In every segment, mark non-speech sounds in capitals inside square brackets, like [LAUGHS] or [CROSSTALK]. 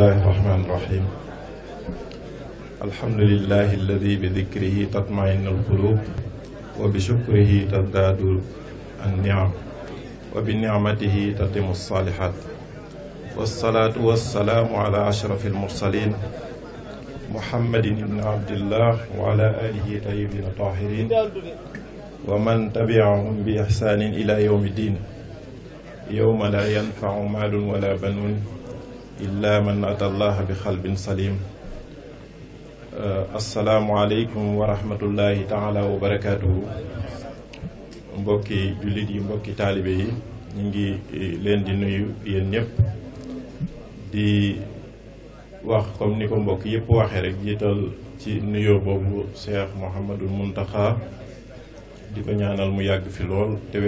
الله الرحمن الرحيم الحمد لله الذي بذكره تطمئن القلوب وبشكره تزداد النعم وبنعمته تتم الصالحات والصلاة والسلام على أشرف المرسلين محمد بن عبد الله وعلى آله طيبين الطاهرين ومن تبعهم بإحسان إلى يوم الدين يوم لا ينفع مال ولا بنون illa man ata allah bi xalbin salim asalaamualeykum wa rahmatullahi taala wa mbokki jullit yi mbokki taalibe yi ñu ngi leen di nuyu yéen ñëpp di wax comme ni ko mbokk yépp waxee rek jiital ci nuyoo boobu Cheikh Mouhamadul Muntaxa di ko ñaanal mu yàgg fi lool te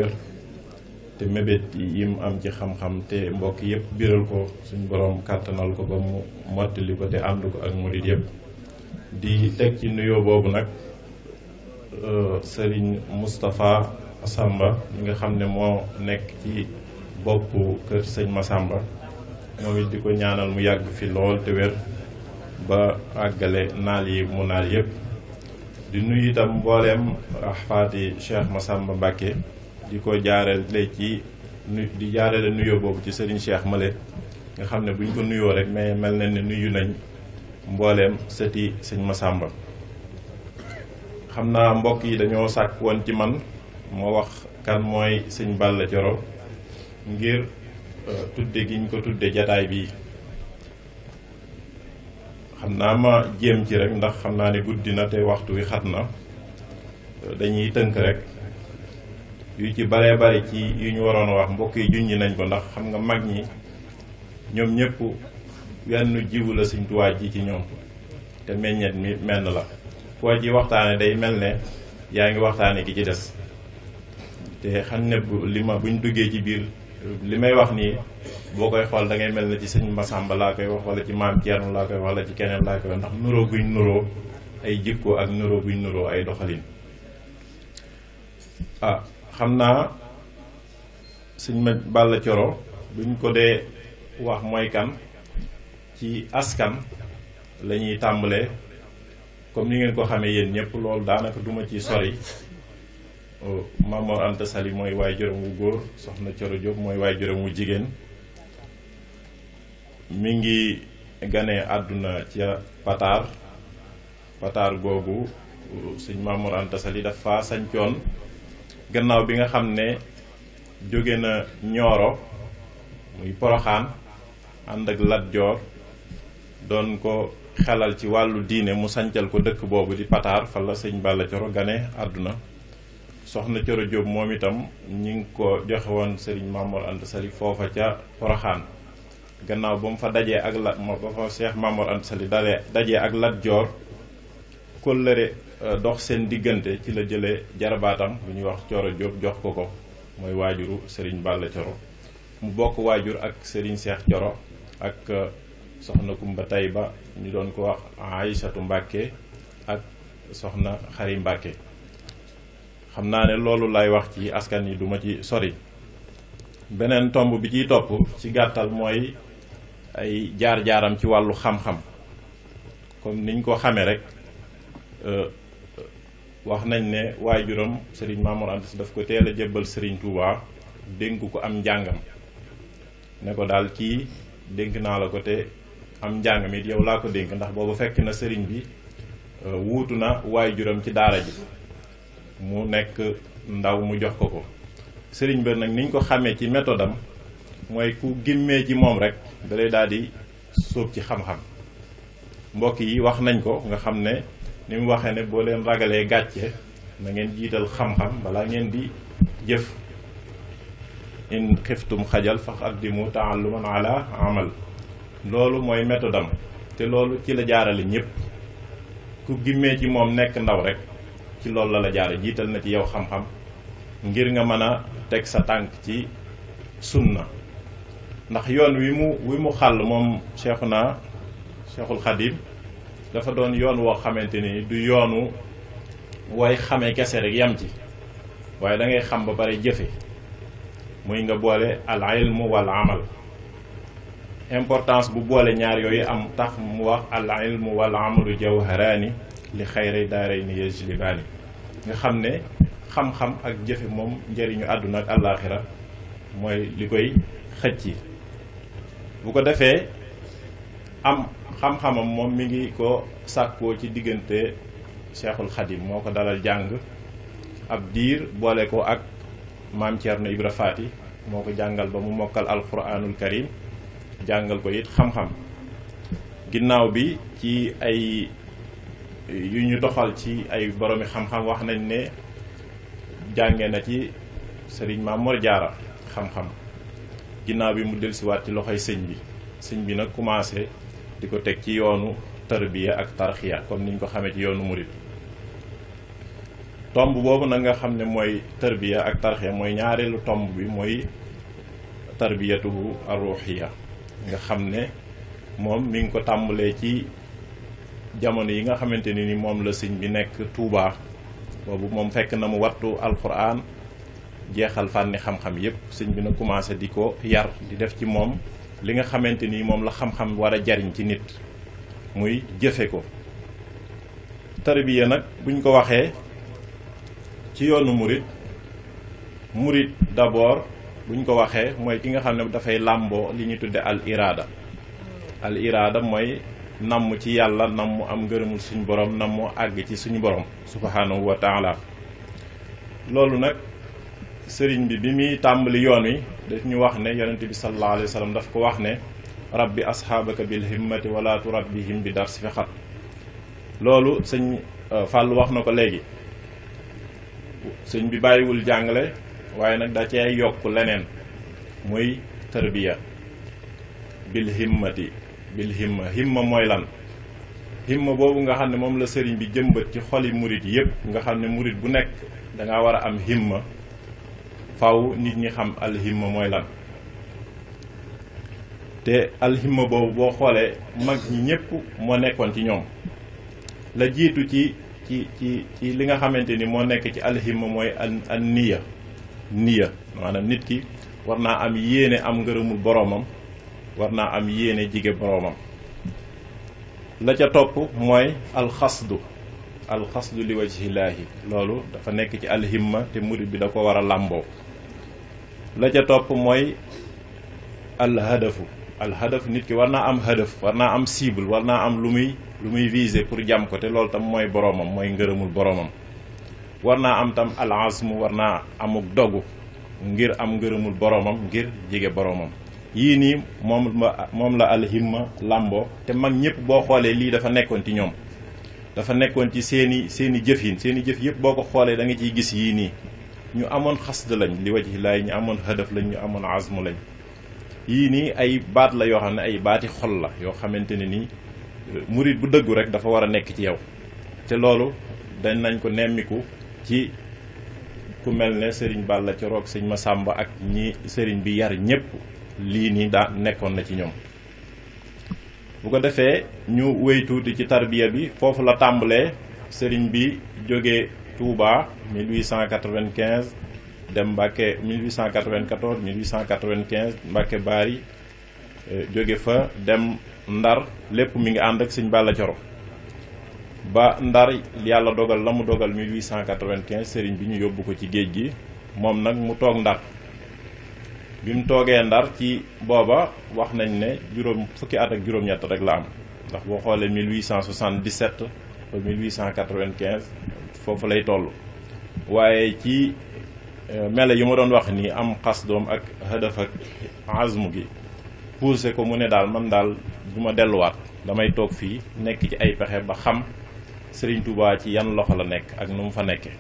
te mébét yi mu am ci xam-xam te mbokk yëpp biral ko suñ borom kàttanal ko ba mu mottali ko te ànd ak murid di teg ci nuyoo boobu nag euh, sëriñ Moustapha sàmba mi nga xam ne moo nekk ci boppu sëñ Massamba moom di ko ñaanal mu yàgg fi lool te wér ba àggale naal yi mu naal yëpp di nuyu itam mbooleem ahfaati Cheikh Massamba Mbacke di ko jaarale ci nu di jaarale nuyoo boobu ci Serigne Cheikh Male nga xam ne bu ñu ko nuyoo rek mais mel na ne nuyu nañ mbooleem sëti sëñ ma sàmba xam naa mbokk yi dañoo sàkk woon ci man ma wax kan mooy sëñ Balla joro ngir euh, tudde gi ñu ko tudde jataay bii xam naa ma jéem ci rek ndax xam naa ne guddi na te waxtu wi xat na dañuy tënk rek yu ci baree bari ci yu ñu waroon a wax mbokk yi junj nañ ko ndax xam nga mag ñi ñoom ñëpp wenn jiwu la Sëñ Tuubaa ji ci ñoom te meññet mi menn la foo ji waxtaane day mel ne yaa ngi waxtaane ki ci des te xam ne bu li ma buñ duggee ci biir li may wax nii boo koy xool da ngay mel ne ci sëñ Masamba laa koy wax wala ci maam Thierno laa koy wax wala ci keneen laa koy wax ndax nuroo guñ nuroo ay jikko ak nuroo buñ nuroo ay doxalin ah, xam naa sëñ ma Balla Coro buñ ko dee wax mooy kan ci askan lañuy ñuy tàmbalee comme li ngeen ko xamee yéen ñëpp loolu daanaka duma ci sori euh, Mamor Anta Sali mooy waay juróom wu góor soxna Coro Diop mooy waay juróom wu jigéen mu ngi gane àdduna ca Pataar Pataar googu euh, sëñ Mamor Anta Sali dafa sañcoon gannaaw bi nga xam ne jóge na ñooro muy poroxaan ànd ak Lat doon ko xelal ci wàllu diine mu sancal ko dëkk boobu di pataar fa la sëñ Balla Coro gane àdduna soxna Coro Jóob moom itam ñi ngi ko joxe woon sëriñ Mamoor Anta Sali foofa ca poroxaan gannaaw ba mu fa dajee ak la ba fa Seex Mamoor Anta Sali dalee dajee ak Lat Joor kóllëre Euh, dox seen diggante ci la jëlee jarabaatam bu ñuy wax Coro Diop jox ko ko mooy waajuru sëriñ Balla Coro mu bokk waajur ak Serigne Cheikh Coro ak euh, soxna Kumba Tayba ñu doon ko wax Aïsatu Mbàkke ak soxna Xari Mbàkke xam naa ne loolu lay wax ci askan yi duma ci sori beneen tomb bi ciy topp ci gàttal mooy ay jaar-jaaram ci wàllu xam-xam comme niñ ko xamee rek euh, wax nañ ne waajuram sëriñ Mamour Anta si daf ko teel a jébbal sëriñ Touba dénk ko am njàngam ne ko daal kii dénk naa la ko te am njàngam yi yow laa ko dénk ndax boobu fekk na sëriñ bi euh, wuutu na waajuram ci daara ji mu nekk ndaw mu jox ko ko sëriñ bi nag niñ ko xame ci méthode mooy ku gimmee ci moom rek dalay daal di sóob ci xam-xam mbokk yi wax nañ ko nga xam ne ni mu waxee ne boo leen ragalee gàcce na ngeen jiital xam-xam balaa ngeen di jëf in xiftum xajal fa qaddimu taalluman ala amal loolu mooy méthode am te loolu ci la jaarale ñépp ku gimmee ci moom nekk ndaw rek ci loolu la la jaare jiital na ci yow xam-xam ngir nga mën a teg sa tànk ci sunna ndax yoon wi mu wi mu xàll moom Cheikhuna Cheikhul Khadim dafa doon yoon woo xamante ni du yoonu way xamee kese rek yam ci waaye da xam ba pare jëfe muy nga boole al ilmu wal amal importance bu boole ñaar yooyu am tax mu wax al ilmu wal amalu jawharaani li xayri daarayni yajlibaani nga xam ne xam-xam ak jëfe moom njëriñu àdduna ak àllaaxira mooy li koy xëcc bu ko defee am xam-xamam moom mi ngi ko sàkkoo ci diggante Cheikhul Khadim moo ko dalal jàng ab diir boole ko ak maam Thierno Ibra Faati moo ko jàngal ba mu mokkal alquranul karim jàngal ko it xam-xam ginnaaw bi ci ay yu ñu doxal ci ay boroomi xam-xam wax nañ ne jànge na ci sëriñ Maam Mor Jaara xam-xam ginnaaw bi mu dellusiwaat ci loxoy sëñ bi sëñ bi nag commencé di ko teg ci yoonu tarbiya ak tarxiya comme niñ ko xamee ci yoonu murit tomb boobu nag nga xam ne mooy tarbiya ak tarxiya mooy ñaareelu tomb bi mooy tarbiyatuhu arruxiya nga xam ne moom mi ngi ko tàmbalee ci jamono yi nga xamante ni ni moom la sëñ bi nekk Tuubaa boobu moom fekk na mu wattu alxuraan jeexal fànni xam-xam yépp sëñ bi na commencé di ko yar di def ci moom li nga xamante ni moom la xam-xam war a jariñ ci nit muy jëfe ko tarbiya nag buñ ko waxee ci yoonu murit murit d'abord buñ ko waxee mooy ki nga xam ne dafay làmboo li ñu tudde al iraada al iraada mooy namm ci yàlla nam am ngërëmul suñu borom nam àgg ci suñu borom subhanahu wa taala loolu nag sëriñ bi bi muy tàmbali yoon wi daf ñu wax ne yonente bi sallallahu alayhi wa sallam daf ko wax ne rabbi asxaabaka bil himmati wala turabbihim bi darsi fi xat loolu sëñ euh, fàll wax na ko léegi sëñ bi bàyyiwul jàngale waaye nag da cee yokk leneen muy tarbiya bil himmati bil himma himma mooy lan himma boobu nga xam ne moom la sëriñ bi jëmbat ci xoli murit yépp nga xam ne murit bu nekk danga war a am himma faw nit ñi xam alhimma mooy lan te alhimma boobu boo xoolee mag ñi ñëpp moo nekkoon ci ñoom la jiitu ci ci ci ci li nga xamante ni moo nekk ci alhimma mooy an niya niya maanaam nit ki war naa am yéene am ngërëmul boroomam war naa am yéene jige boroomam la ca topp mooy alxasdu alxasdu li wajhillaahi loolu dafa nekk ci alhimma te murid bi da ko war a làmboo la ca topp mooy alhadafu alhadaf nit ki war naa am hadaf war naa am cible war naa am lu muy lu muy viser pour jàmm ko te loolu tam mooy boroomam mooy ngërëmul boroomam war naa am tam alazmu war naa amuk dogu ngir am ngërëmul boromam ngir jege boromam yii nii moom moom la alhimma làmboo te mag ñëpp boo xoolee lii dafa nekkoon ci ñoom dafa nekkoon ci seeni seeni jëf yi seeni jëf yëpp boo ko xoolee danga ciy gis yii nii ñu amoon xasd lañ li waji laay ñu amoon hadaf lañ ñu amoon azmu lañ yii nii ay baat la yoo xam ne ay baati xol la yoo xamante ne nii eh, murit bu dëggu rekk dafa war a nekk ci yow te loolu dañ nañ ko nemmiku ci ku mel ne sëriñ Balla ci roog sëñ Masamba ak ñi sëriñ bi yar ñépp lii nii daa nekkoon na ci ñoom bu ko defee ñu wéy tuuti ci tarbiya bi foofu la tàmbalee sëriñ bi jógee Touba 1895 dem Mbacke 1894 1895 Mbacke Bari jóge fa dem Ndar lépp mu ngi ànd ak sëñ Balla ba Ndar yàlla dogal la mu dogal 1895 sëriñ bi ñu yóbbu ko ci géej gi moom nag mu toog Ndar bi mu toogee Ndar ci booba wax nañ ne juróom fukki at ak juróom-ñett rek la am ndax boo foofu lay toll waaye ci e, melo yu ma doon wax nii am xas doom ak hadaf ak azmu gi poussé ko mu ne daal man daal du ma delluwaat damay toog fii nekk ci ay pexe ba xam sëriñ Touba ci yan loxo la nekk ak nu mu fa nekke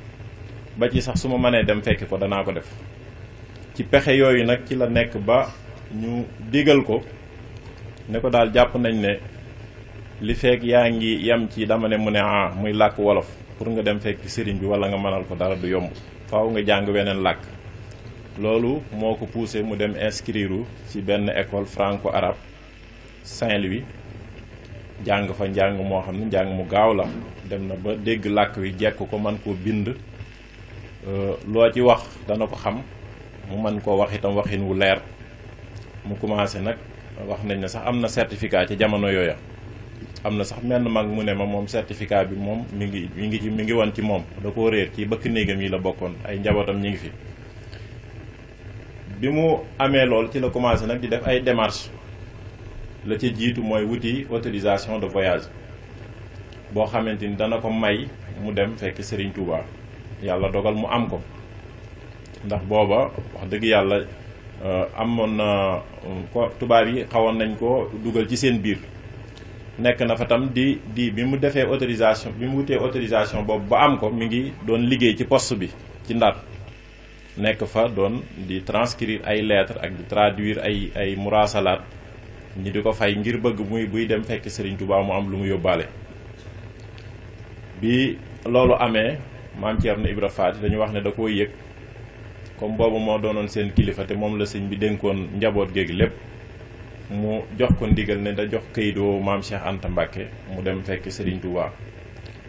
ba ci sax su ma mënee dem fekki ko danaa ko def ci pexe yooyu nag ci la nekk ba ñu digal ko ne ko daal jàpp nañ ne li fekk yaa ngi yam ci dama ne mu ne ah muy làkk wolof pour nga dem fekk sëriñ bi wala nga mënal ko dara du yomb faaw nga jàng weneen làkk loolu moo ko poussé mu dem inscrire ci benn école franco arabe Saint-Louis jàng fa njàng moo xam ne njàng mu gaaw la dem na ba dégg làkk wi jekk ko man koo bind euh, loo ci wax dana ko xam mu mën koo wax itam waxin wu leer mu commencé nag wax nañ ne sax am na certificat ca jamono yooya am na sax menn mag mu ne ma moom certificat bi moom mu ngi mi ngi mi ngi woon ci moom da koo réer ci bëkk néegam yi la bokkoon ay njabootam ñi ngi fi bi mu amee lool ci la commencé nag di def ay démarches la ca jiitu mooy wuti autorisation de voyage boo xamante ni dana ko may mu dem fekk Serigne Touba yàlla dogal mu am ko ndax booba wax dëgg yàlla euh, amoon na ko tubaab yi xawoon nañ ko dugal ci seen biir nekk na fa tam di di bi mu defee autorisation bi mu wutee autorisation boobu ba am ko mi ngi doon liggéey ci poste bi ci Ndar nekk fa doon di transcrire ay lettres ak di traduire ay ay murasalaat ñi di ko fay ngir bëgg muy buy dem fekk Serigne Touba mu am lu mu yóbbaale. bi loolu amee maam Thierno Ibra Faty dañu wax ne da koo yëg comme boobu moo doonoon seen kilifa te moom la sëñ bi dénkoon njaboot géegi lépp. mu jox ko ndigal ne da jox kayit woowu maam Cheikh Anta Mbacke mu dem fekki Serigne Touba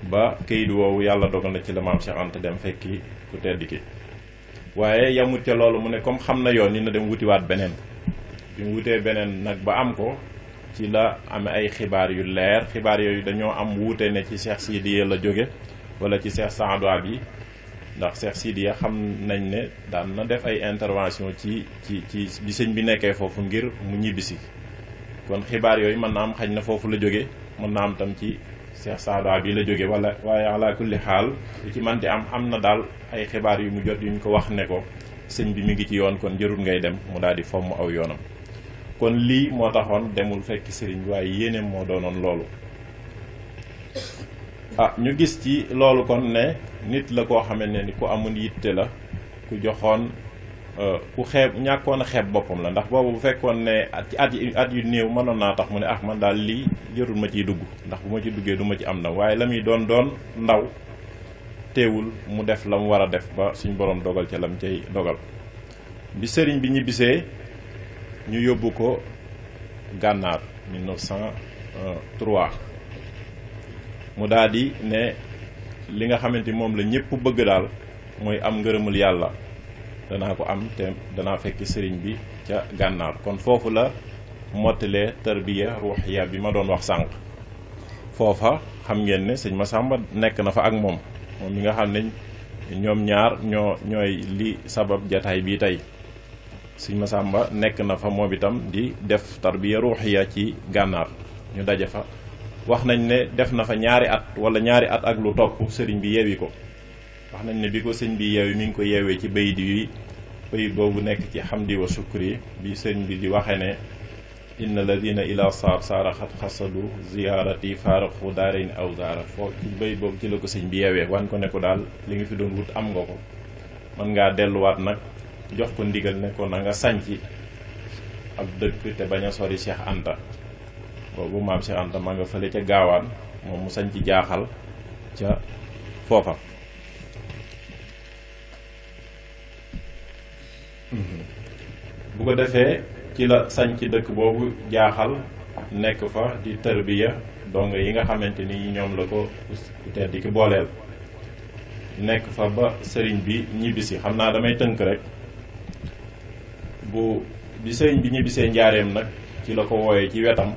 ba kayit woowu yàlla dogal na ci la maam Cheikh dem fekki ku tedd ki waaye yamut ca loolu mu ne comme xam na yoon ni na dem wutiwaat beneen bi mu wutee beneen nag ba am ko ci la amee ay xibaar yu leer xibaar yooyu dañoo am wuute ne ci Cheikh Sidiye la jóge wala ci Cheikh Saadou bi ndax Cheikh Sidiya xam nañ ne daan na def ay intervention ci ci ci bi bi nekkee foofu ngir mu ñibbisi kon xibaar yooyu mën naa am xañ na foofu la jóge mën na am tam ci Cheikh Saada bi la jóge wala waaye ala xaal li ci man di am am na daal ay xibaar yu mu jot yuñ ko wax ne ko sëñ bi mi ngi ci yoon kon jërul ngay dem mu daal di fomm aw yoonam kon lii moo taxoon demul fekk sëriñ bi waaye yéeneem moo doonoon loolu a ah, ñu gis ci loolu kon ne nit la koo xamante ne ni ku amul yitte la ku joxoon euh, ku xeeb ñàkkoon a xeeb boppam la ndax boobu bu fekkoon ne at yu at yu néew mënoon naa tax mu ne ah man daal lii jërul ma ciy dugg ndax bu ma ci duggee duma ci am na waaye la muy doon doon ndaw teewul mu def la mu war a def ba suñ borom dogal ca lam cay dogal bi sëriñ bi ñibbisee ñu yóbbu ko gànnaar 1903 mu daal di ne li nga xamante moom la ñëpp bëgg daal mooy am ngërëmul yàlla danaa ko am te danaa fekk sëriñ bi ca gànnaar kon foofu la mottalee tarbiya ruuxiya bi ma doon wax sànq foofa xam ngeen ne sëñ Massamba nekk na fa ak moom moom mi nga xam ne ñoom ñaar ñoo ñooy li sabab jataay bii tey sëñ Massamba nekk na fa moom itam di def tarbiya ruuxiya ci gànnaar ñu daje fa wax nañ ne def na fa ñaari at wala ñaari at ak lu topp sëriñ bi yeewi ko wax nañ ne bi ko sëñ bi yeewi mi ngi ko yeewee ci bayit yi bayit boobu nekk ci xam wa sukri bi sëriñ bi di waxe ne inna la ila saar saara xat xasadu ziyaarati faaraqu daarayn aw zaara foofu ci bayit boobu ci la ko sëñ bi yeewee wan ko ne ko daal li nga fi doon wut am nga ko mën ngaa delluwaat nag jox ko ndigal ne ko na nga sànci ab dëkk te bañ a sori Cheikh Anta boobu maam Cheikh Anta ma nga fële ca gaawaan moom mu sañ ci jaaxal ca foofa bu ko defee ci la sañ ci dëkk boobu jaaxal nekk fa di tërbiya dong yi nga xamante ni ñoom la ko tedd ki booleel nekk fa ba sëriñ bi ñibbisi xam naa damay tënk rek bu bi sëriñ bi ñibbisee njaareem nag ci la ko wooyee ci wetam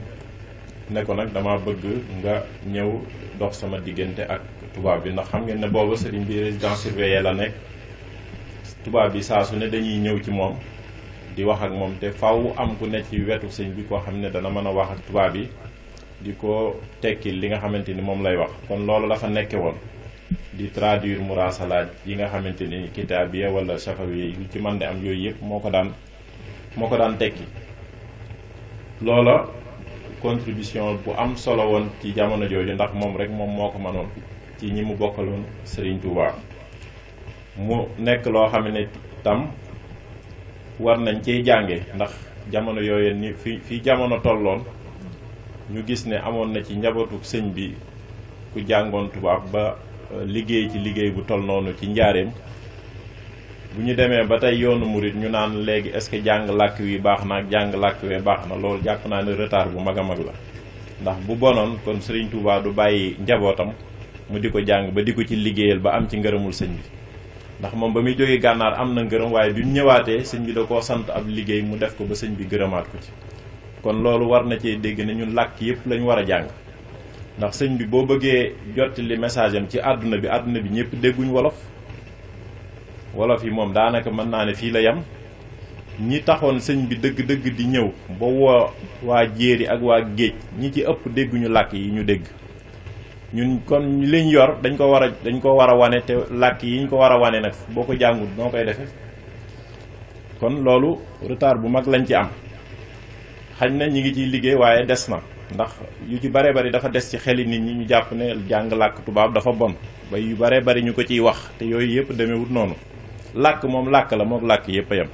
ne ko nag dama bëgg nga ñëw dox sama diggante ak tubaab bi ndax xam ngeen ne booba sëriñ bi résidence surveillée la nekk tubaab bi saa su ne dañuy ñëw ci moom di wax ak moom te faw am ku ne ci wetu sëñ bi koo xam ne dana mën a wax ak tubaab yi di ko tekki li nga xamante ni moom lay wax kon loolu la fa nekke woon di traduire muraasalaat yi nga xamante ni kitaabiya wala safawiya yi ci man di am yooyu yëpp moo ko daan moo ko daan tekki loola contribution bu am solo woon ci jamono jooju ndax moom rek moom moo ko mënoon ci ñi mu bokkaloon sëriñ Touba mu nekk loo xam ne tam war nañ ciy jànge ndax jamono yooyu ni fi fi jamono tolloon ñu gis ne amoon na ci njabootu sëñ bi ku jàngoon tubaab ba euh, liggéey ci liggéey bu toll noonu ci njaareem bu ñu demee ba tey yoonu murit ñu naan léegi est-ce que jàng làkk wi baax na ak jàng làkk wee baax na loolu jàpp naa ne retard bu mag a mag la ndax bu bonoon kon Serigne Touba du bàyyi njabootam mu di ko jàng ba di ko ci liggéeyal ba am ci ngërëmul sëñ bi ndax moom ba muy jógee gànnaar am na ngërëm waaye bi ñëwaatee sëñ bi da koo sant ab liggéey mu def ko ba sëñ bi gërëmaat ko ci kon loolu war na cee dégg ne ñun làkk yëpp lañu war a jàng ndax sëñ bi boo bëggee jottali message am ci àdduna bi àdduna bi ñëpp dégguñ wolof wolof yi moom daanaka mën naa ne fii la yam ñi taxoon sëñ bi dëgg-dëgg di ñëw ba woo waa jéeri ak waa géej ñi ci ëpp dégguñu làkk yi ñu dégg ñun kon liñ yor dañ ko war a dañ ko war a wane te làkk yi ñu ko war a wane nag boo ko jàngul noo koy defee kon loolu retard bu mag lañ ci am xañ na ñi ngi ciy liggéey waaye des na ndax yu ci bare bari dafa des ci xeli nit ñi ñu jàpp ne jàng làkk tubaab dafa bon ba yu bare bari ñu ko ciy wax te yooyu yëpp demewut noonu làkk moom làkk la moom làkk yëpp a yem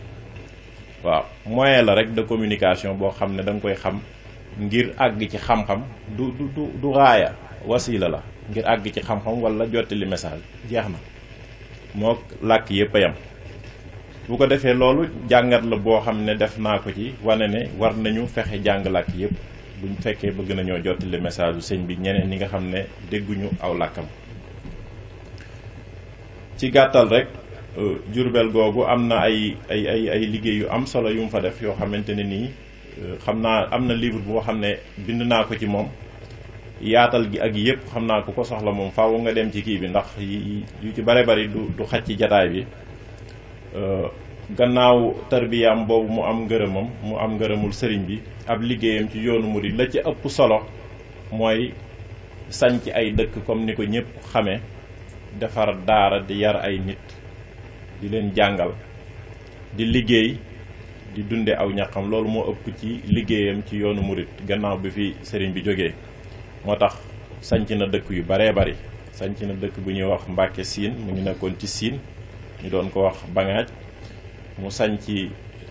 waaw moyen la rek de communication boo xam ne da koy xam ngir àgg ci xam-xam du du du du raaya wasiila la ngir àgg ci xam-xam wala jottali message jeex na moo làkk yëpp a yem bu ko defee loolu jàngat la boo xam ne def naa ko ci wane ne war nañu fexe jàng làkk yëpp buñ fekkee bëgg nañoo jottali message bu sëñ bi ñeneen ñi nga xam ne dégguñu aw làkkam ci gàttal rek Euh, Jurbel googu am na ay ay ay liggéey yu am solo yu mu fa def yoo xamante ne nii euh, xam naa am na livre boo xam ne bind naa ko ci moom yaatal gi ak yëpp xam naa ku ko soxla moom faaw nga dem ci kii bi ndax yu ci bare bari du du xaj ci jataay bi euh, gannaaw tarbiyaam boobu mu am ngërëmam mu am ngërëmul sëriñ bi ab liggéeyam ci yoonu murid la ci ëpp solo mooy sanc ay dëkk comme ni ko ñëpp xamee defar daara di yar ay nit di leen jàngal di liggéey di dunde aw ñaqam loolu moo ëpp ci liggéeyam ci yoonu murit gannaaw bi fi sëriñ bi jógee moo tax sanc na dëkk yu baree bari sanc na dëkk bu ñuy wax Mbàkke Siin mu nekkoon ci Siin ñu doon ko wax Bangaaj mu sañc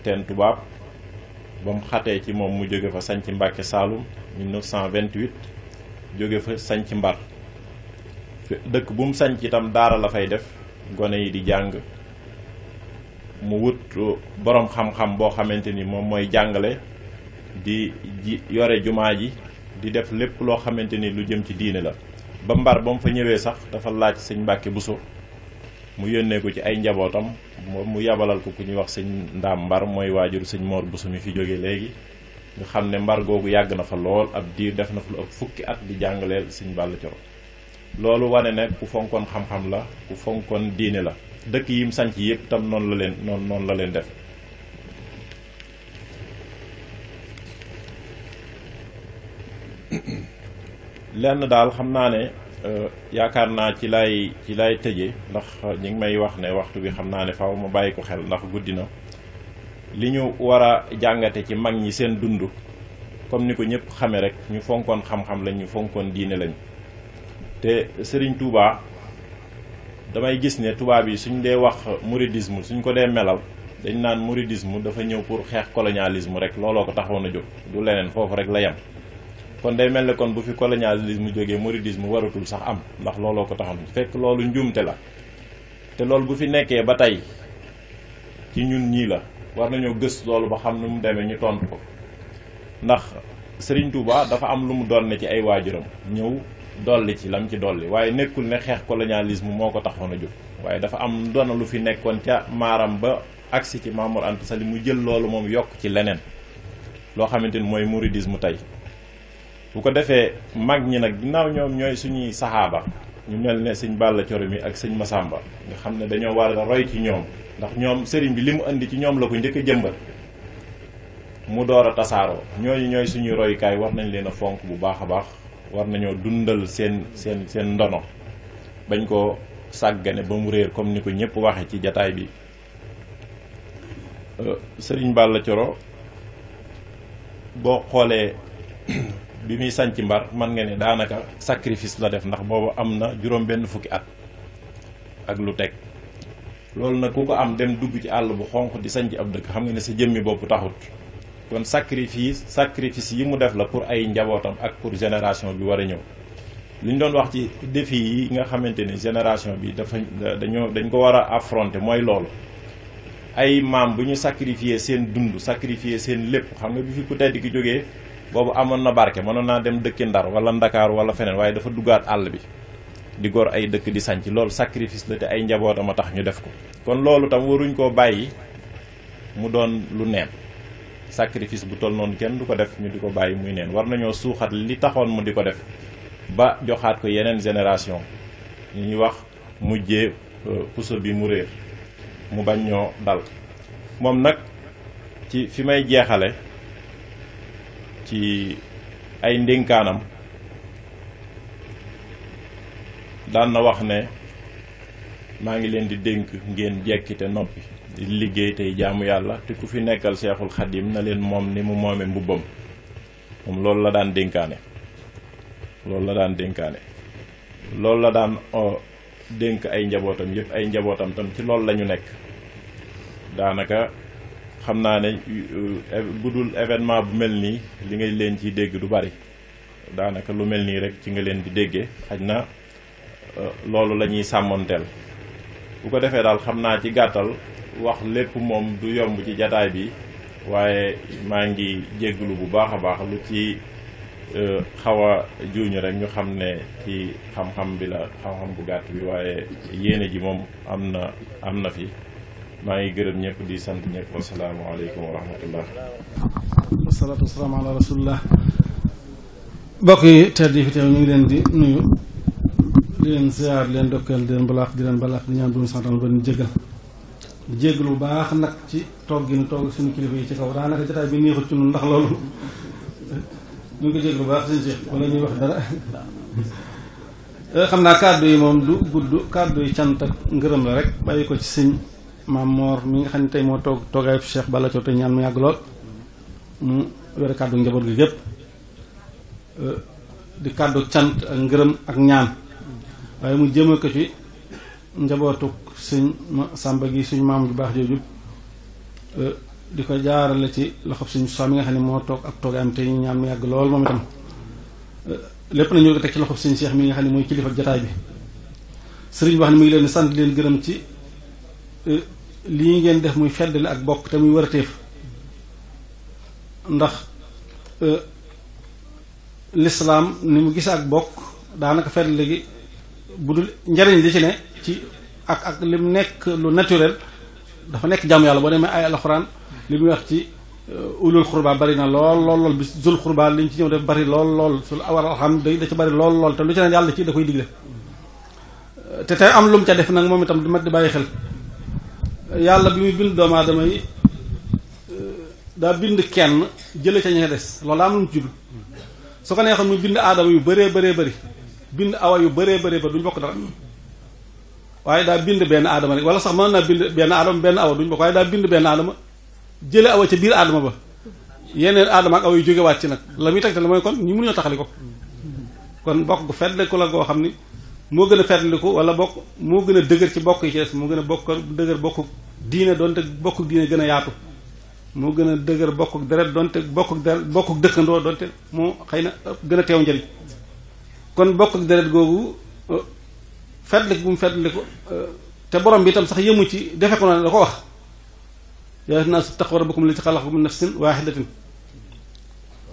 teen tubaab ba mu xatee ci moom mu jóge fa sanc Mbàkke Saalum 1928 jóge fa sanc Mbar dëkk bu mu sanc itam daara la fay def gone yi di jàng mu wut borom xam-xam boo xamante ni moom mooy jàngale di ji yore jumaa ji di def lépp loo xamante ni lu jëm ci diine la ba mbar ba mu fa ñëwee sax dafa laaj sëñ Mbàkke Buso mu yónnee ko ci ay njabootam moom mu yabalal ko ku ñuy wax sëñ ndaam mbar mooy waajur sëñ Moor Buso mi fi jóge léegi ñu xam ne mbar googu yàgg na fa lool ab diir def na fa lu ëpp fukki at di jàngaleel sëñ Balla Coro loolu wane ne ku fonkoon xam-xam la ku fonkoon diine la dëkk yim sanc yëpp tam noonu la leen noonu noonu la leen def lenn daal xam naa ne euh, yaakaar naa ci lay ci lay tëje ndax ñi ngi may wax ne waxtu bi xam naa ne faw ma bàyyi ko xel ndax guddi na li ñu war a jàngate ci mag ñi seen dund comme ni ko ñëpp xame rek ñu fonkoon xam-xam lañ ñu fonkoon diine lañ te Sëriñ Tuubaa damay gis ne tubaab yi suñ dee wax mouridisme suñ ko dee melal dañ naan mouridisme dafa ñëw pour xeex colonialisme rek looloo ko taxawoon a jóg du leneen foofu rek la yem kon day mel ne kon bu fi colonialisme jógee mouridisme waratul sax am ndax looloo ko taxoon fekk loolu njuumte la te loolu bu fi nekkee ba tey ci ñun ñii la war nañoo gës loolu ba xam nu mu demee ñu tontu ko ndax Serigne Touba dafa am lu mu doon ne ci ay waajuram ñëw dolli ci lam ci dolli waaye nekkul ne xeex colonialisme moo ko taxoon a jóg waaye dafa am doona lu fi nekkoon ca maaram ba agsi ci Mamour Anta Sali mu jël loolu moom yokk ci leneen loo xamante ni mooy mouridisme tey bu ko defee mag ñi nag ginnaaw ñoom ñooy suñuy saxaaba ñu mel ne sëñ Balla Coro mi ak sëñ Masamba nga xam ne dañoo war a roy ci ñoom ndax ñoom sëriñ bi li mu indi ci ñoom la ko njëkk jëmbat mu door a tasaaroo ñooñu ñooy suñuy royukaay war nañ leen a fonk bu baax a baax war nañoo dundal seen seen seen ndono bañ koo sàggane ba mu réer comme ni ko ñëpp waxe ci jataay bi euh, sëriñ Balla Coro boo xoolee [CLEARS THROAT] bi muy sanc mbar mën nga ne daanaka sacrifice la def ndax boobu am na juróom benn fukki at ak lu teg loolu nag ku ko am dem dugg ci àll bu xonq di sanc ab dëkk xam nga ne sa jëmmi bopp taxut kon sacrifice sacrifice yi mu def la pour ay njabootam ak pour génération bi war a ñëw li ñu doon wax ci defi yi nga xamante ni génération bi dafa dañoo dañ ko war a affronter mooy loolu ay maam bu ñu sacrifier seen dund sacrifier seen lépp xam nga bi fi ku tedd ki jógee boobu amoon na barke mënoon naa dem dëkki Ndar wala Ndakaaru wala feneen waaye dafa duggaat àll bi di gor ay dëkk di sanc loolu sacrifice la te ay njabootam a tax ñu def ko kon loolu tam waruñ koo bàyyi mu doon lu neen sacrifice bu toll noonu kenn du ko def ñu di ko bàyyi muy neen war nañoo suuxat li taxoon mu di ko def ba joxaat ko yeneen génération ñu ñuy wax mujjee euh, puso bi mu réer mu bañ ñoo dal moom nag ci fi may jeexale ci ay ndénkaanam daan na wax ne maa ngi leen di dénk ngeen jekki te noppi liggéey tey jaamu yàlla te ku fi nekkal seexul xadim na leen moom ni mu moome mbubbam moom loolu la daan dénkaane loolu la daan dénkaane loolu la daan oh, dénk ay njabootam yëpp ay njabootam tam ci loolu lañu nekk daanaka xam naa ne eh, bu dul événement bu mel nii li ngay leen ci dégg du bari daanaka lu mel nii rek ci nga leen di déggee xaj na eh, loolu la ñuy sàmmoonteel bu ko defee daal xam naa ci gàttal wax lépp moom du yomb ci jataay bi waaye maa ngi jégglu bu baax a baax lu ci euh, xaw a juuñu rek ñu xam ne ci xam-xam bi la xam-xam bu gàtt bi waaye yéene ji moom am na am na fi maa ngi gërëm ñëpp di sant ñëpp asalaamaaleykum wa rahmatullah wasalaatu yi tedd yi fi ñu leen di nuyu di leen ziar leen dokkeel di leen balaax di leen balaax di ñaan bu ñu santal ba ñu jégal di jégalu baax nag ci toog gi ñu toog suñu kilifa yi ci kaw daanaka jotaay bi neexut ci ñun ndax loolu [LAUGHS] ñu ngi ko jégalu bu baax suñu Cheikh wala ñuy [LAUGHS] xam naa kàddu yi moom kàddu yi cant ak rek bàyyi ko ci sëñ maam mi nga xam ne tey moo toog toogaayu Cheikh Balla Thiaw te ñaan mu yàgg lool mu wér kàddu njaboot gi gépp di kàddu cant ak ngërëm ak ñaan. waaye mu jëma ko ci njabootuk suñ sàmba gi suñu maam ju baax jooju euh, di ko jaarale ci loxob suñ soo mi nga xam ne moo toog ak toogaam te ñu ñaan mu yàgg lool moom itam euh, lépp na ñu ko teg ci loxob suñ seex mi nga xam ne mooy kilifa jataay bi sëriñ wax ne mu ngi leen sant leen gërëm ci euh, lii ngeen def muy feddali ak bokk te muy war a ndax lislaam ni mu gis ak bokk daanaka feddali gi bu dul njariñ li ci ne ci ak ak lim nekk lu naturel dafa nekk jàmm yàlla boo demee ay alxuraan li muy wax ci euh, ulul xurba bari na lool lool lool bis zul xurba liñ ci ñëw def bari lool lool sul da ci bari lool lool te lu ne yàlla ci da koy digle euh, te tey am lu mu ca def nag moom itam du mat di bàyyi xel yàlla bi muy bind doomu aadama yi euh, daa bind kenn jële ca ña des loolu am lu ci jublu su ko neexoon muy bind aadama yu baree baree bari bind awa yu bëree bëree ba duñ bokk dara waaye daa bind benn aadama rek wala sax man naa bind benn aadama benn awa duñ bokk waaye daa bind benn aadama jële awa ca biir aadama ba yeneen aadama ak awa yu jógewaat ci nag la muy la mooy kon ñu mënuñoo taxali ko kon bokk gu ko la goo xam ni moo gën a ko wala bokk moo gën a dëgër ci bokk yi ci des moo gën a bokk dëgër bokk diine doonte bokk diine gën a yaatu moo gën a dëgër bokk deret doonte bokk deret bokk dëkkandoo doonte moo xëy na gën a kon bokk ak deret googu euh, fetlik bu mu fetliku euh, te borom bi itam sax yëmu ci defe ko na da ko wax yaa ayyuhan naas ittaqu rabbakum allazii xalaqakum min nafsin waahidatin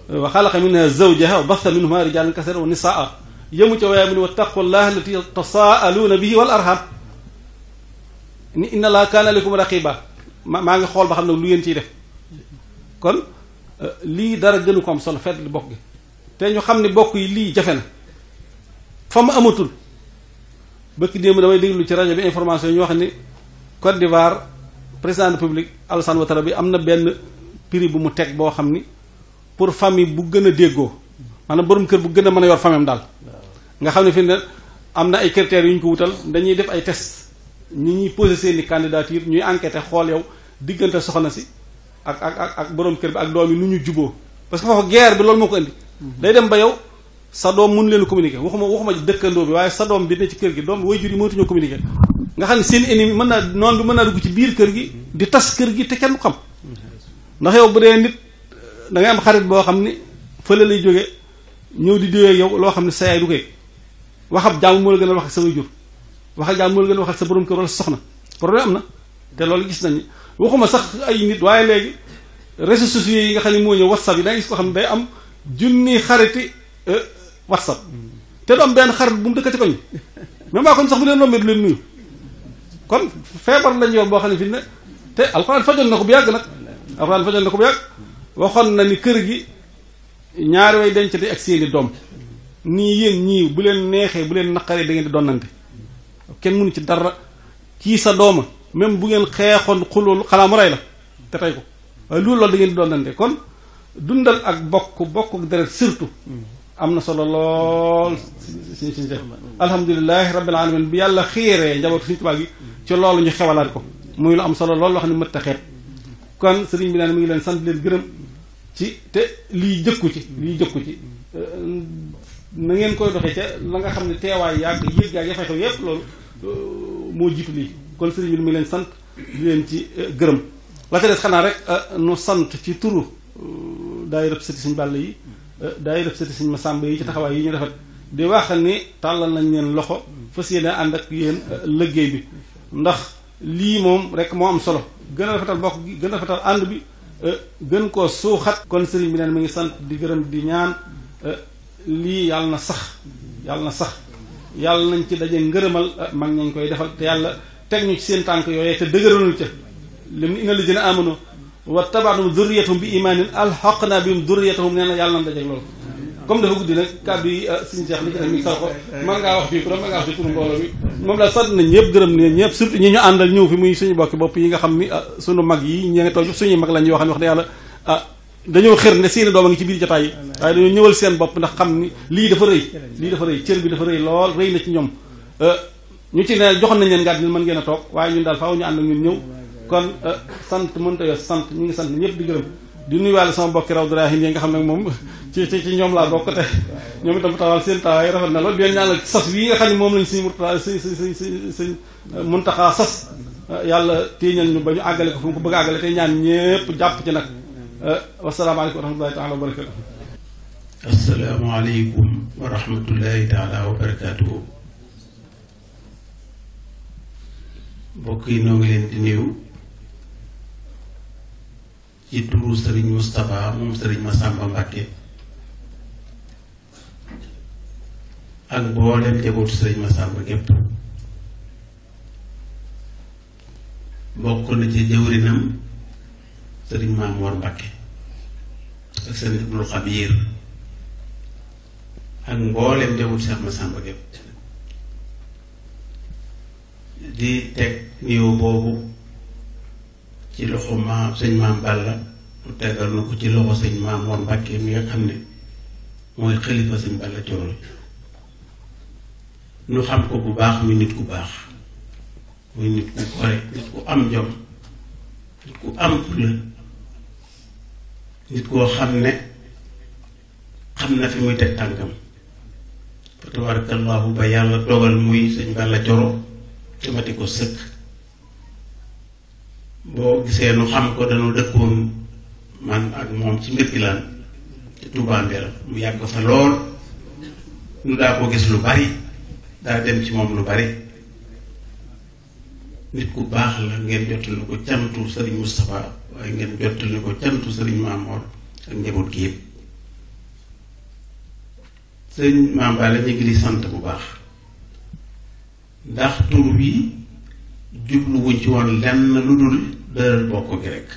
wa xalaqa minhaa zawjahaa wa batha minhumaa rijaalan kasiiran wa nisaa yëmu ca waaye mu ne wattaqu llaaha allatii tasaaluuna bi wal arham ni inna llaaha kaana lakum raqiiba ma maa ngi xool ba xam ne lu yéen ciy def kon euh, lii dara gënu ko am solo fetli bokk gi te ñu xam ne bokk yi lii jafe na fa mu amatul bëkk démb damay déglu ci rajo bi information yi ñu wax ni Côte d'Ivoire président de république Alassane Ouattara bi am na benn prix bu mu teg boo xam ni pour famille bu gën a déggoo maanaam borom kër bu gën a mën a yor famille daal nga xam ne fi ne am na ay critères yu ñu ko wutal dañuy def ay test ñi ñuy posé seeni candidature ñuy enquêté xool yow diggante soxna si ak ak ak ak borom kër bi ak doom yi nu ñu juboo parce que foofu guerre bi loolu moo ko indi mm-hmm. day dem ba yow sa doom mënu leen communiquer waxuma waxuma dëkkandoo bi waaye sa doom bi ne ci kër gi doom bi way jur yi mënatuñoo communiquer nga xam ne seen ennemi mën naa noonu bi mën naa dugg ci biir kër gi di tas kër gi te kenn du xam ndax yow bu dee nit da am xarit boo xam ni fële lay jóge ñëw di diwee yow loo xam ne sa yaay du koy waxab jàmm moo gën a wax sa way jur waxab jàmm moo gën a wax ak sa borom kër wala sa soxna problème am na te loolu gis nañu waxuma sax ay nit waaye léegi réseaux yi nga xam ne moo ñëw whatsapp yi da koo xam ne day am junni xariti euh, whatsapp te doom benn xarit bu mu dëkk ci koñ même waa koñ sax bu leen rombee du leen nuyu kon feebar lañ yor boo xam ne fi ne te alxuraan fajoon na ko bu yàgg nag alxuraan fajoon na ko bu yàgg waxoon na ni kër gi ñaari way dencati ak seeni doom nii yéen ñii bu leen neexee bu leen naqaree da ngeen di donnante kenn mënu ci dara kii sa dooma même bu ngeen xeexoon xuloolu xanaa mu rey la te tey ko waaye loolu loolu da ngeen di donnante kon dundal ak bokk bokk deret surtout am na solo lool suñ suñ def alhamdulilahi rabbil alamin bi yàlla xiiree njabootu suñu tubaab gi ci loolu ñu xewalaat ko muy lu am solo lool wax ni mëtt a xeet kon sëriñ bi naan mi ngi leen sant leen gërëm ci te lii jëkku ci lii jëkku ci na ngeen koy doxee ca la nga xam ne teewaay yàgg yéeg yàgg yafay xew yépp loolu moo jiitu lii kon sëriñ bi mi ngi leen sant di leen ci gërëm la ca des xanaa rek nu sant ci turu daayira sëti suñu bàll yi daay def sëti sëñ Masamba yi ci taxawaay yi ñu defat di wax ni tàllal nañ leen loxo fas yéene ànd ak yéen euh, liggéey bi ndax lii moom rek moo am solo gën a rafetal bokk gi gën a rafetal ànd bi euh, gën koo suuxat kon sëriñ bi neen mi ngi sant di gërëm di ñaan euh, lii yàlla na sax yàlla na sax yàlla nañ ci daje ngërëmal mag nañ koy defal te yàlla teg ñu ci seen tànk yooyee te dëgëranul ca lim ni ina li jën a wa tabatum zurriyatum bi imaanin alxaqna bihim zurriyatahum nee na yàlla nam dajeg loolu comme dafa guddi nag kàddu yi ah, suñu seex li ci def mi saw ko man ngaa wax fii pour man ngaa wax fii pour mbooloo bi moom daal sant nañ ñëpp gërëm ne ñëpp surtout ñu àndal ñëw fi muy suñu bokki bopp yi nga xam ni ah, suñu mag yi ñi nga toog mag la ñuy wax ne wax yàlla ah, dañoo xër ne seeni doom a ngi ci biir jotaay yi waaye dañoo ñëwal seen bopp ndax xam ni lii dafa rëy lii dafa rëy cër bi dafa rëy lool rëy na ci ñoom ñu ci ne joxoon nañ leen ngàtt ni mën ngeen a waaye ñun daal faaw ñu ànd ak ñun ñëw kon euh, sant mënta yo sant ñu ngi sant ñëpp di gërëm di nuyuwaale sama bokki raw drahim yi nga xam ne moom [LAUGHS] ci ci ci ñoom laa bokk te [LAUGHS] ñoom itam taxawal seen taxawaay rafet na lool di leen ñaanal sas wii nga xam ne moom lañ suñu murtaa si si si si si euh, muntaxaa sas euh, yàlla téeñal ñu ba ñu àggale ko fu mu ko bëgg a àggale tey ñaan ñëpp jàpp ci nag wasalaamaaleykum wa rahmatullahi taala wa barakatu asalaamaaleykum yi noo ngi leen di nuyu ci turu sëriñ Moustapha moom sëriñ Massamba Mbacke ak mboolem njabootu sëriñ Massamba gépp bokk na ci jëwrinam sëriñ Mamour Mbacke ak sëriñ Ibnul Xabiir ak mboolem njabootu Cheikh Massamba gépp di teg nuyoo boobu ci loxo ma sëñ maam Balla mu tegal na ko ci loxo sëñ maam Mor Mbàkke mi nga xam ne mooy xalifa sëñ Balla Thioro ñu xam ko bu baax muy nit ku baax muy nit ku gore nit ku am jom nit ku am fulla nit koo xam ne xam na fi muy teg tànkam fa tabarakallahu ba yàlla dogal muy sëñ Balla Thioro te ko sëkk boo gisee nu xam ko dañoo dëkkoon man ak moom ci Mbirkilaan ci Touba Mbéra mu yàgg fa lool nu daa ko gis lu bari daa dem ci moom lu bari nit ku baax la ngeen jotal ni ko cantu sëriñ Moustapha waaye ngeen jotal ni ko cantu sëriñ Maamoor ak njaboot gi yëpp sëriñ ñu ngi sant bu baax ndax tur wi jubluwuñ ci woon lenn lu dul dëral bokk gi rek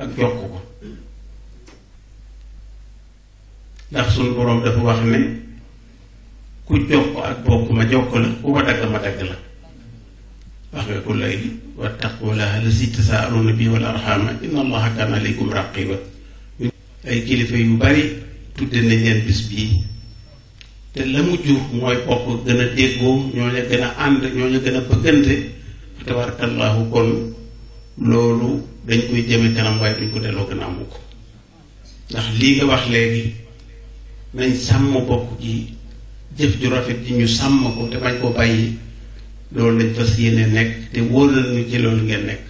ak jokk ko ndax suñ boroom dafa wax ne ku jokk ak bokk ma jokk ko la wax nga ko léegi wattaqu laaha la si tasaaluna inna allaha kaana aleykum raqiba ay kilifa yu bari tudde nañ leen bis bii te la mu jur mooy bokk gën a déggoo ñoo ñu gën a ànd ñoo ñu gën a bëggante tabarakallahu kon loolu dañ koy jëme kanam waaye duñ ko delloo gannaaw ko ndax lii nga wax léegi nañ sàmm bokk gi jëf ju rafet ji ñu sàmm ko te bañ bàyyi loolu lañ fas yéene nekk te wóor nañu ci loolu ngeen nekk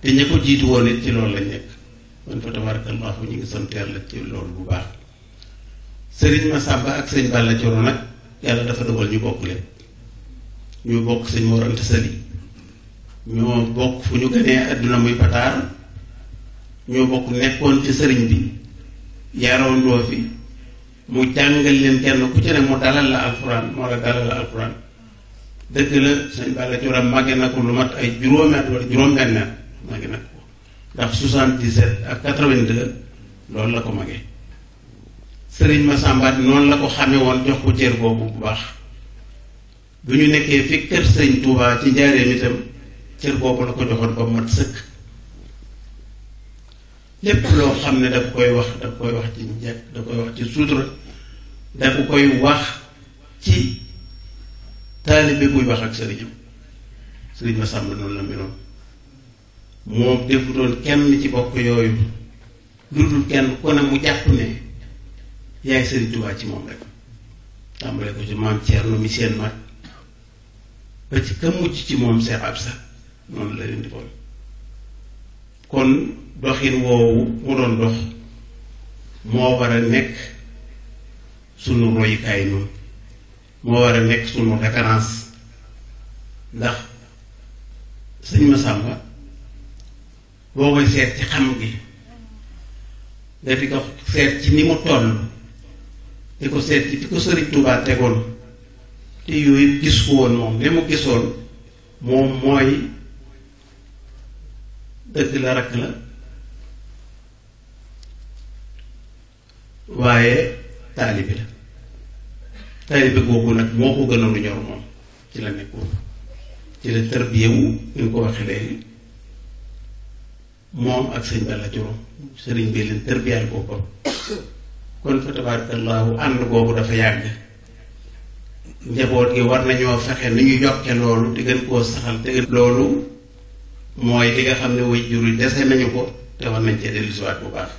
te ña ko jiitu woon it ci loolu lañ nekk man fa tabarakallahu ñu ngi sant yàlla ci loolu bu baax sëriñ Masamba ak sëñ Balla Coro nag yàlla dafa dogal ñu bokk leen ñu bokk sëñ Mor Anta Sali ñoo bokk fu ñu gënee àdduna muy pataar ñoo bokk nekkoon ci sëriñ bi yaroondoo fi mu jàngal leen kenn ku ci ne mu dalal la alxuraan moo la dalal la alxuraan dëgg la sëñ Balla Coro màgge na ko lu mat ay juróomi at wala juróom-benn at màgge na ko ndax la ko màggee sëriñ Masamba noonu la ko xamee woon jox ko cër boobu bu baax bu ñu nekkee fi kër sëriñ Touba ci njaareem itam cër boobu la ko joxoon ba mat sëkk lépp loo xam ne daf koy wax daf koy wax ci njëkk daf koy wax ci sutura daf koy wax ci taalibe buy wax ak sëriñam sëriñ Massamba noonu la meloon moom defutoon kenn ci bokk yooyu lu dul kenn ku ne mu jàpp ne yaay sëriñ Tuubaa ci moom rek tàmbale ko ci maam Thierno mi seen mag ba ci ka mucc ci moom Seex Absa noonu la leen di kon doxin woowu mu doon dox moo war nekk sunu royukaay noonu moo war nekk sunu référence ndax sëñ Masamba boo koy seet ci xam gi nga di ko seet ci ni mu toll di ko seet ci fi ko sëriñ Tuubaa tegoon te yooyu gis ko woon moom li mu gisoon moom mooy dëgg la rakk la waaye taalibi la taalibi googu nag moo ko gënoon lu ñor moom ci la nekkoon ci la tarbiyewu ñu ko waxee moom ak sëñ Balla Coro sëriñ bi leen tërbiyaal ko ko kon fa ànd boobu dafa yàgg njaboot gi war nañoo fexe nu ñu yokke loolu te gën koo saxal te loolu mooy li nga xam ne way jur yi dese nañu ko te war nañ cee dellusiwaat bu baax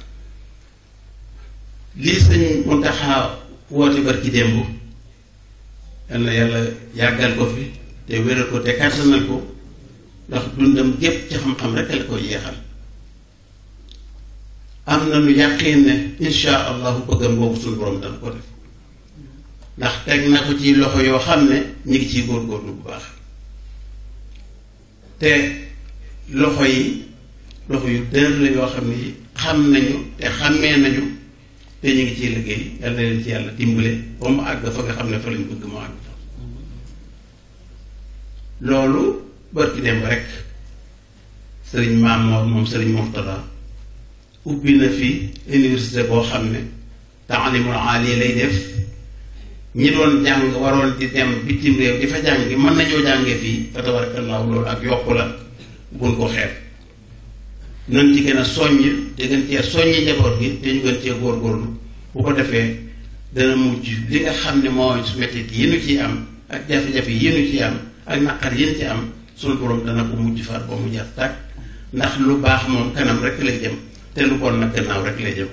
lii sëñ Muntaxa woote barki démb yal na yàggal ko fi te wéral ko te nañ ko ndax dundam gépp ci xam-xam rek la ko yeexal am na nu yàqiin ne insha allahu bëggam boobu suñu borom dana ko def ndax teg na ko ci loxo yoo xam ne ñu ngi ciy góorgóorlu bu baax te loxo yi loxo yu dër la yoo xam ni xam nañu te xàmmee nañu te ñu ngi ciy liggéey yàlla leen ci yàlla dimbale ba mu àgg fa nga xam ne fa lañ bëgg mu àgg fa loolu barki dem rek sëriñ Maamoor moom sëriñ Murtada ubbi na fi université boo xam ne taalimul aali lay def ñi doon jàng waroon di dem bitim réew di fa jàngi mën nañoo jàngee fii fa tabarakallahu loolu ak yokku la buñ ko xeeb nan ci a soññ te gën cee soññi njaboot gi te ñu gën cee góorgóorlu defee dana mujj li nga xam ne moo su mettit yi nu ciy am ak jafe-jafe yi nu ciy am ak naqar yi nu ci am sunu borom dana ko mujj far ba mu jar tàkk ndax lu baax moom kanam rek lay jëm te lu kon nag gannaaw rek la jëm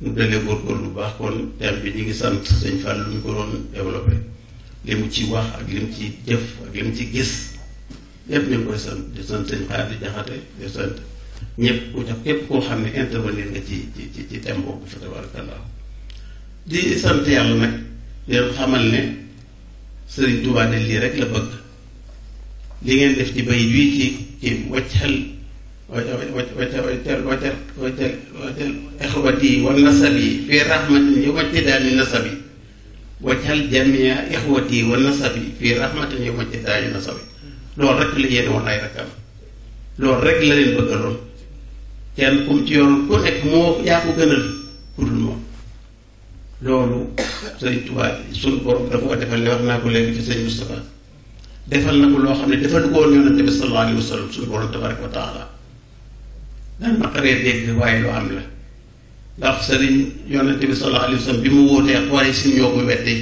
mu dalee góorgóorlu lu baax kon thème bi ñu ngi sant sëñ Fall lu ñu ko doon développé li mu ci wax ak li ci jëf ak li ci gis yëpp ñu ngi koy sant di sant sëñ jaxate di sant ñëpp ku jox képp koo xam ne intervenir nga ci ci ci thème boobu fa tabarakallah di sant yàlla nag leen xamal ne sëriñ Tuubaa lii rek la bëgg li ngeen def ci bay wii ci ci waccal waccal waccal waccal ixwati wa nasabi fi rahmatin yu macci daani yi waccal jamia ixwati wa nasabi fi rahmatin yu macci daani nasabi loolu rek la yéene woon ay loolu rek la leen bëggaloon kenn kum ci yoon ku nekk moo yaa ko gënal ku dul defal li wax naa ko léegi ci sëñ Moustapha defal na ko loo xam ne defal ko woon yonent bi sallallahu alayhi wa sallam suñu borom tabaraka naqaree dégg waaye lu am la ndax sëriñ yonent bi sallallahu alayhi bi mu wóotee xoolee si ñoo ko weddi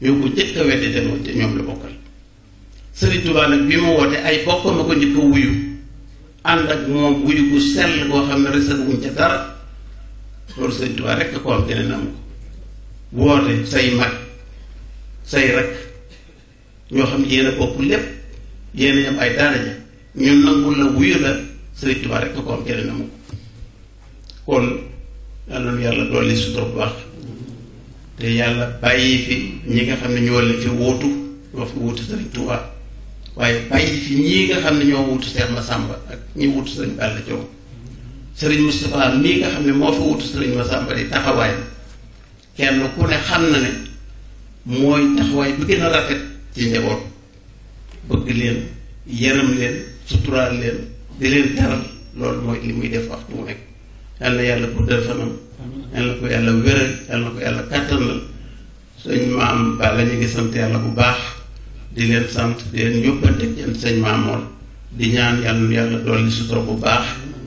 ñoo ko njëkk a weddi demoo ñoom la bokkal Sëriñ Tuubaa nag bi ma woote ay bokkam a ko njëkk wuyu ànd ak moom wuyu gu sell goo xam ne reseguñ ca dara Sëriñ Tuubaa rek a am keneen am ko say mag say rek ñoo xam ne yéen lépp yéen a am ay daraja ñun nangul la wuyu la Sëriñ Tuubaa rek a ko am keneen am kon yàlla na yàlla dolli sutura bu baax te yàlla bàyyi fi ñi nga xam ne ñoo leen fi wóotu ñoo fi wóotu Sëriñ Tuubaa waaye bàyyi fi ñii nga xam ne ñoo wutu Seex Masàmba ak ñi wutu sëriñ Balla Joob sëriñ Moustapha mii nga xam ne moo fa wutu sëriñ Masàmba di taxawaay kenn ku ne xam na ne mooy taxawaay bi gën a rafet ci njaboot bëgg leen yërëm leen suturaal leen di leen teral loolu mooy li muy def waxtu mu nekk yal na yàlla guddal fanam yal na ko yàlla wéral yal ko yàlla kàttanal suñ maam Balla ñu ngi sant yàlla bu baax di leen sant di leen yóbbante jëm sëñ Maamoor di ñaan yàlla nu yàlla dolli sutura bu baax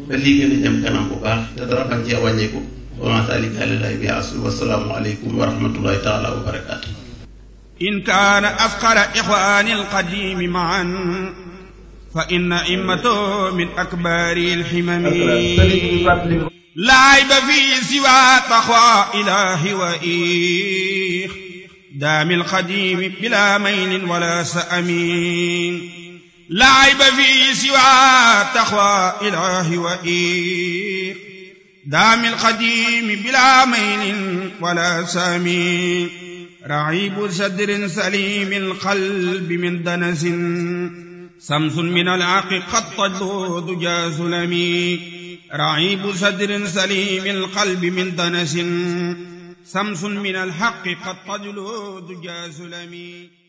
ba lii gën a jëm kanam bu baax te dara bañ cee wàññeeku wa maa zaalika alallaahi bi aziiz wa salaamu aleykum in kaana afqara ixwaani alqadiimi maan fa inna immato min akbaari alximami laay ba fii siwa taqwa ilaahi wa دام القديم بلا ميل ولا سأمين لا عيب فيه سوى تقوى إله وإيق دام القديم بلا ميل ولا سأمين رعيب صدر سليم القلب من دنس سمس من العق قد تجود جاز لمي رعيب صدر سليم القلب من دنس samsun min alxaqi qad tajlu du jaasulami